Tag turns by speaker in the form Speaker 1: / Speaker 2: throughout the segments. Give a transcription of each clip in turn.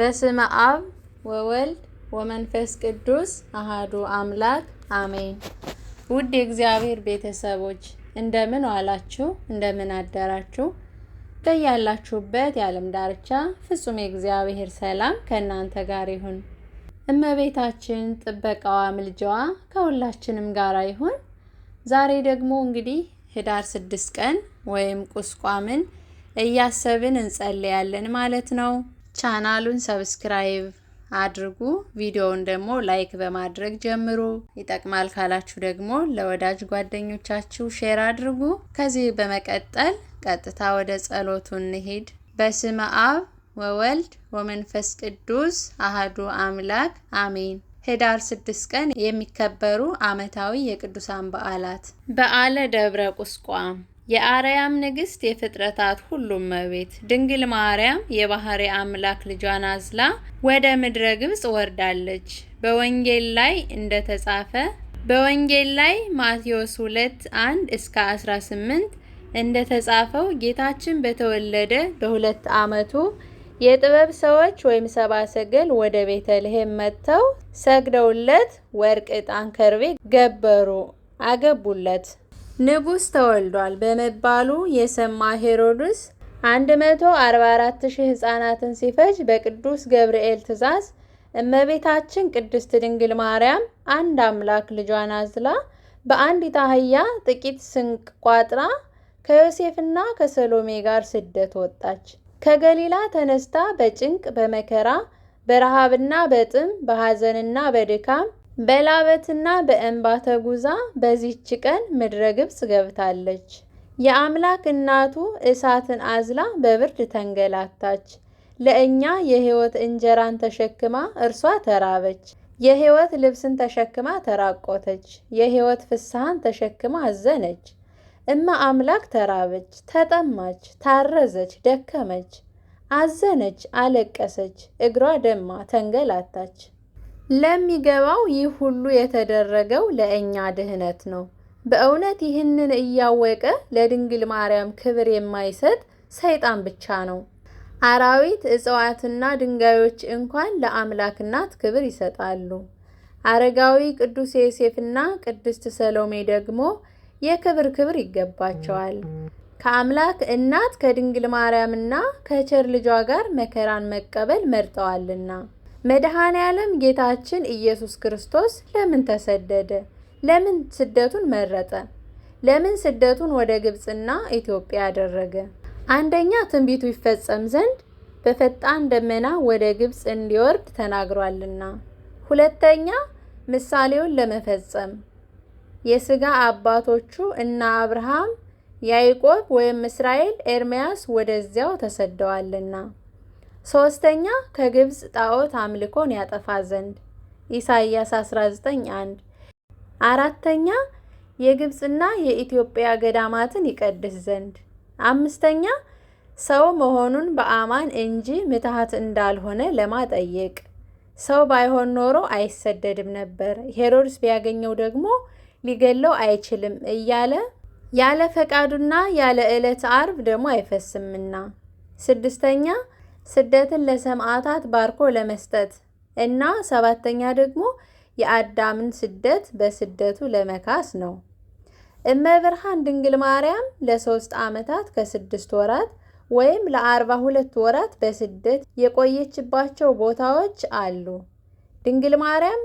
Speaker 1: በስመ አብ ወወልድ ወመንፈስ ቅዱስ አሃዱ አምላክ አሜን። ውድ የእግዚአብሔር ቤተሰቦች እንደምን ዋላችሁ? እንደምን አደራችሁ? በያላችሁበት የዓለም ዳርቻ ፍጹም የእግዚአብሔር ሰላም ከእናንተ ጋር ይሁን። እመቤታችን ጥበቃዋ፣ ምልጃዋ ከሁላችንም ጋር ይሁን። ዛሬ ደግሞ እንግዲህ ህዳር ስድስት ቀን ወይም ቁስቋምን እያሰብን እንጸልያለን ማለት ነው። ቻናሉን ሰብስክራይብ አድርጉ። ቪዲዮውን ደግሞ ላይክ በማድረግ ጀምሩ። ይጠቅማል ካላችሁ ደግሞ ለወዳጅ ጓደኞቻችሁ ሼር አድርጉ። ከዚህ በመቀጠል ቀጥታ ወደ ጸሎቱ እንሄድ በስመ አብ ወወልድ ወመንፈስ ቅዱስ አህዱ አምላክ አሜን። ህዳር ስድስት ቀን የሚከበሩ ዓመታዊ የቅዱሳን በዓላት በዓለ ደብረ ቁስቋም የአርያም ንግስት የፍጥረታት ሁሉም መቤት ድንግል ማርያም የባህሪ አምላክ ልጇን አዝላ ወደ ምድረ ግብጽ ወርዳለች። በወንጌል ላይ ተጻፈ በወንጌል ላይ ማቴዎስ 2 1 እስከ 18 እንደተጻፈው ጌታችን በተወለደ በሁለት ዓመቱ የጥበብ ሰዎች ወይም ሰባ ሰገል ወደ ቤተልሔም መጥተው ሰግደውለት ወርቅ፣ ዕጣን፣ ከርቤ ገበሩ አገቡለት። ንጉስ ተወልዷል በመባሉ የሰማ ሄሮድስ ሺህ ሕፃናትን ሲፈጅ በቅዱስ ገብርኤል ትእዛዝ እመቤታችን ቅድስት ድንግል ማርያም አንድ አምላክ ልጇን አዝላ በአንዲት አህያ ጥቂት ስንቅ ቋጥራ ከዮሴፍና ከሰሎሜ ጋር ስደት ወጣች። ከገሊላ ተነስታ በጭንቅ በመከራ በረሃብና በጥም በሐዘንና በድካም በላበትና በእንባ ተጉዛ በዚች ቀን ምድረ ግብጽ ገብታለች። የአምላክ እናቱ እሳትን አዝላ በብርድ ተንገላታች። ለእኛ የሕይወት እንጀራን ተሸክማ እርሷ ተራበች። የሕይወት ልብስን ተሸክማ ተራቆተች። የሕይወት ፍስሐን ተሸክማ አዘነች። እማ አምላክ ተራበች፣ ተጠማች፣ ታረዘች፣ ደከመች፣ አዘነች፣ አለቀሰች፣ እግሯ ደማ፣ ተንገላታች። ለሚገባው ይህ ሁሉ የተደረገው ለእኛ ድህነት ነው። በእውነት ይህንን እያወቀ ለድንግል ማርያም ክብር የማይሰጥ ሰይጣን ብቻ ነው። አራዊት፣ እጽዋትና ድንጋዮች እንኳን ለአምላክ እናት ክብር ይሰጣሉ። አረጋዊ ቅዱስ ዮሴፍና ቅድስት ሰሎሜ ደግሞ የክብር ክብር ይገባቸዋል። ከአምላክ እናት ከድንግል ማርያምና ከቸር ልጇ ጋር መከራን መቀበል መርጠዋልና መድኃኔ ዓለም ጌታችን ኢየሱስ ክርስቶስ ለምን ተሰደደ? ለምን ስደቱን መረጠ? ለምን ስደቱን ወደ ግብፅና ኢትዮጵያ አደረገ? አንደኛ ትንቢቱ ይፈጸም ዘንድ በፈጣን ደመና ወደ ግብፅ እንዲወርድ ተናግሯልና። ሁለተኛ ምሳሌውን ለመፈጸም የስጋ አባቶቹ እና አብርሃም፣ ያዕቆብ ወይም እስራኤል ኤርምያስ ወደዚያው ተሰደዋልና ሶስተኛ ከግብፅ ጣዖት አምልኮን ያጠፋ ዘንድ ኢሳይያስ 19:1 አራተኛ የግብፅና የኢትዮጵያ ገዳማትን ይቀድስ ዘንድ አምስተኛ ሰው መሆኑን በአማን እንጂ ምትሃት እንዳልሆነ ለማጠየቅ ሰው ባይሆን ኖሮ አይሰደድም ነበር ሄሮድስ ቢያገኘው ደግሞ ሊገለው አይችልም እያለ ያለ ፈቃዱና ያለ ዕለት አርብ ደግሞ አይፈስምና ስድስተኛ ስደትን ለሰማዕታት ባርኮ ለመስጠት እና ሰባተኛ ደግሞ የአዳምን ስደት በስደቱ ለመካስ ነው። እመብርሃን ድንግል ማርያም ለሶስት ዓመታት ከስድስት ወራት ወይም ለአርባ ሁለት ወራት በስደት የቆየችባቸው ቦታዎች አሉ። ድንግል ማርያም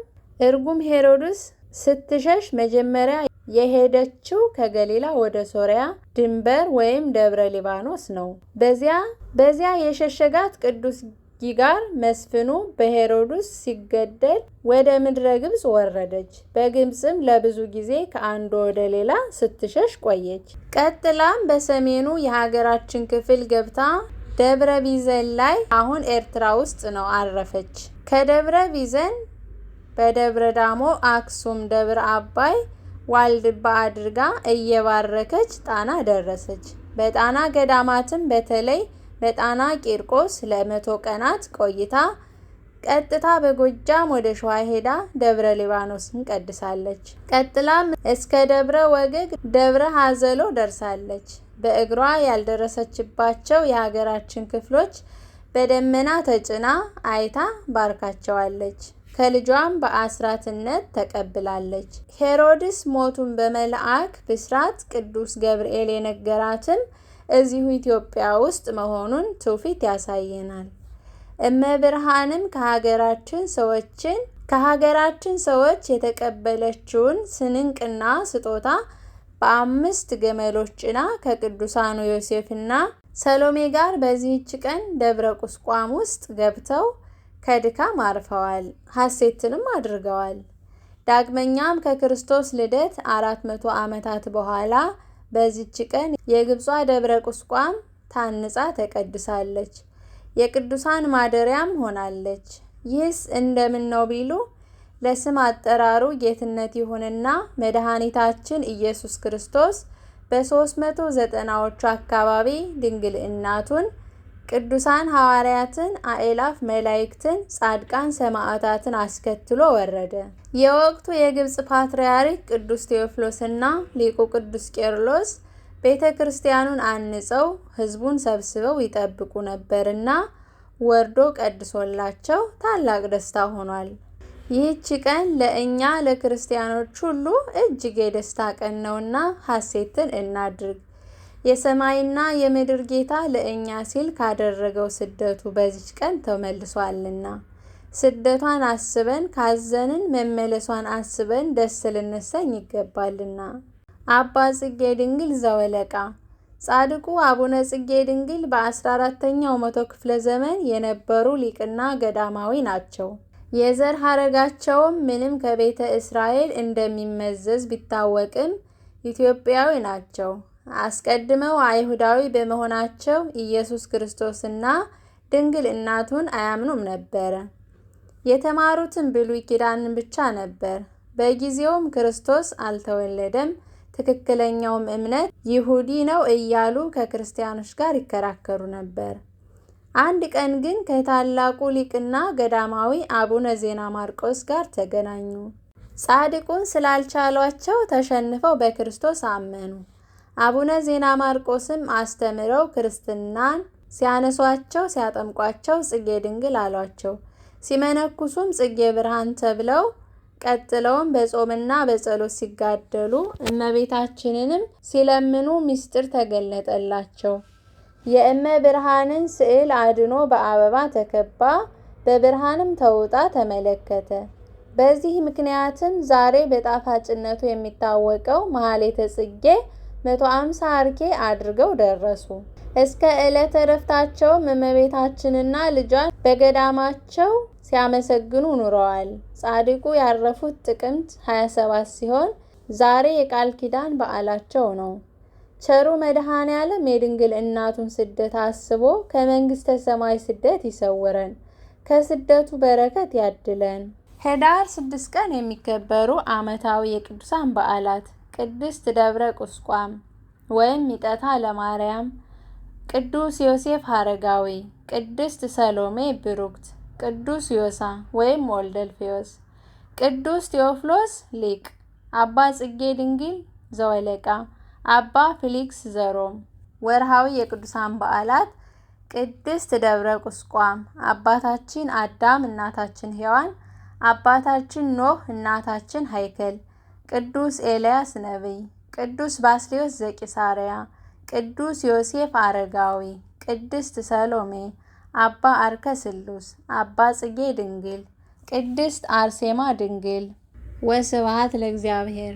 Speaker 1: እርጉም ሄሮድስ ስትሸሽ መጀመሪያ የሄደችው ከገሊላ ወደ ሶሪያ ድንበር ወይም ደብረ ሊባኖስ ነው። በዚያ በዚያ የሸሸጋት ቅዱስ ጊጋር መስፍኑ በሄሮድስ ሲገደል ወደ ምድረ ግብፅ ወረደች። በግብፅም ለብዙ ጊዜ ከአንዱ ወደ ሌላ ስትሸሽ ቆየች። ቀጥላም በሰሜኑ የሀገራችን ክፍል ገብታ ደብረ ቢዘን ላይ አሁን ኤርትራ ውስጥ ነው አረፈች። ከደብረ ቢዘን በደብረ ዳሞ፣ አክሱም፣ ደብረ አባይ ዋልድባ አድርጋ እየባረከች ጣና ደረሰች። በጣና ገዳማትም በተለይ በጣና ቂርቆስ ለመቶ ቀናት ቆይታ ቀጥታ በጎጃም ወደ ሸዋ ሄዳ ደብረ ሊባኖስን ቀድሳለች። ቀጥላም እስከ ደብረ ወገግ፣ ደብረ ሀዘሎ ደርሳለች። በእግሯ ያልደረሰችባቸው የሀገራችን ክፍሎች በደመና ተጭና አይታ ባርካቸዋለች። ከልጇም በአስራትነት ተቀብላለች። ሄሮድስ ሞቱን በመልአክ ብስራት ቅዱስ ገብርኤል የነገራትም እዚሁ ኢትዮጵያ ውስጥ መሆኑን ትውፊት ያሳየናል። እመብርሃንም ከሀገራችን ሰዎችን ከሀገራችን ሰዎች የተቀበለችውን ስንቅና ስጦታ በአምስት ገመሎች ጭና ከቅዱሳኑ ዮሴፍና ሰሎሜ ጋር በዚህች ቀን ደብረ ቁስቋም ውስጥ ገብተው ከድካም አርፈዋል፣ ሐሴትንም አድርገዋል። ዳግመኛም ከክርስቶስ ልደት አራት መቶ ዓመታት በኋላ በዚች ቀን የግብጿ ደብረ ቁስቋም ታንጻ ተቀድሳለች፣ የቅዱሳን ማደሪያም ሆናለች። ይህስ እንደምን ነው ቢሉ ለስም አጠራሩ ጌትነት ይሁንና መድኃኒታችን ኢየሱስ ክርስቶስ በ መቶ ዎቹ አካባቢ ድንግል እናቱን ቅዱሳን ሐዋርያትን፣ አእላፍ መላእክትን፣ ጻድቃን ሰማዕታትን አስከትሎ ወረደ። የወቅቱ የግብጽ ፓትርያርክ ቅዱስ ቴዎፍሎስና ሊቁ ቅዱስ ቄርሎስ ቤተ ክርስቲያኑን አንጸው ሕዝቡን ሰብስበው ይጠብቁ ነበርና ወርዶ ቀድሶላቸው ታላቅ ደስታ ሆኗል። ይህች ቀን ለእኛ ለክርስቲያኖች ሁሉ እጅግ የደስታ ቀን ነውና ሐሴትን እናድርግ። የሰማይና የምድር ጌታ ለእኛ ሲል ካደረገው ስደቱ በዚች ቀን ተመልሷልና ስደቷን አስበን ካዘንን መመለሷን አስበን ደስ ልንሰኝ ይገባልና። አባ ጽጌ ድንግል ዘወለቃ ጻድቁ አቡነ ጽጌ ድንግል በአስራ አራተኛው መቶ ክፍለ ዘመን የነበሩ ሊቅና ገዳማዊ ናቸው። የዘር ሐረጋቸውም ምንም ከቤተ እስራኤል እንደሚመዘዝ ቢታወቅም ኢትዮጵያዊ ናቸው። አስቀድመው አይሁዳዊ በመሆናቸው ኢየሱስ ክርስቶስና ድንግል እናቱን አያምኑም ነበር። የተማሩትን ብሉይ ኪዳንን ብቻ ነበር። በጊዜውም ክርስቶስ አልተወለደም፣ ትክክለኛውም እምነት ይሁዲ ነው እያሉ ከክርስቲያኖች ጋር ይከራከሩ ነበር። አንድ ቀን ግን ከታላቁ ሊቅና ገዳማዊ አቡነ ዜና ማርቆስ ጋር ተገናኙ። ጻድቁን ስላልቻሏቸው ተሸንፈው በክርስቶስ አመኑ። አቡነ ዜና ማርቆስም አስተምረው ክርስትናን ሲያነሷቸው ሲያጠምቋቸው ጽጌ ድንግል አሏቸው። ሲመነኩሱም ጽጌ ብርሃን ተብለው ቀጥለውም በጾምና በጸሎት ሲጋደሉ እመቤታችንንም ሲለምኑ ምስጢር ተገለጠላቸው። የእመ ብርሃንን ስዕል አድኖ በአበባ ተከባ በብርሃንም ተውጣ ተመለከተ። በዚህ ምክንያትም ዛሬ በጣፋጭነቱ የሚታወቀው መሀሌተ ጽጌ 150 አርኬ አድርገው ደረሱ። እስከ ዕለተ ረፍታቸውም እመቤታችንና ልጇን በገዳማቸው ሲያመሰግኑ ኑረዋል። ጻድቁ ያረፉት ጥቅምት 27 ሲሆን ዛሬ የቃል ኪዳን በዓላቸው ነው። ቸሩ መድኃኔ ዓለም የድንግል እናቱን ስደት አስቦ ከመንግሥተ ሰማይ ስደት ይሰውረን፣ ከስደቱ በረከት ያድለን። ህዳር ስድስት ቀን የሚከበሩ ዓመታዊ የቅዱሳን በዓላት ቅድስት ደብረ ቁስቋም ወይም ሚጠታ ለማርያም፣ ቅዱስ ዮሴፍ ሐረጋዊ፣ ቅድስት ሰሎሜ ብሩክት፣ ቅዱስ ዮሳ ወይም ወልደልፌዎስ፣ ቅዱስ ቴዎፍሎስ ሊቅ፣ አባ ጽጌ ድንግል ዘወለቃ፣ አባ ፊሊክስ ዘሮም። ወርሃዊ የቅዱሳን በዓላት ቅድስት ደብረ ቁስቋም፣ አባታችን አዳም፣ እናታችን ሔዋን፣ አባታችን ኖህ፣ እናታችን ሀይከል ቅዱስ ኤልያስ ነቢይ፣ ቅዱስ ባስልዮስ ዘቂሳርያ፣ ቅዱስ ዮሴፍ አረጋዊ፣ ቅድስት ሰሎሜ፣ አባ አርከ ስሉስ፣ አባ ጽጌ ድንግል፣ ቅድስት አርሴማ ድንግል። ወስብሐት ለእግዚአብሔር።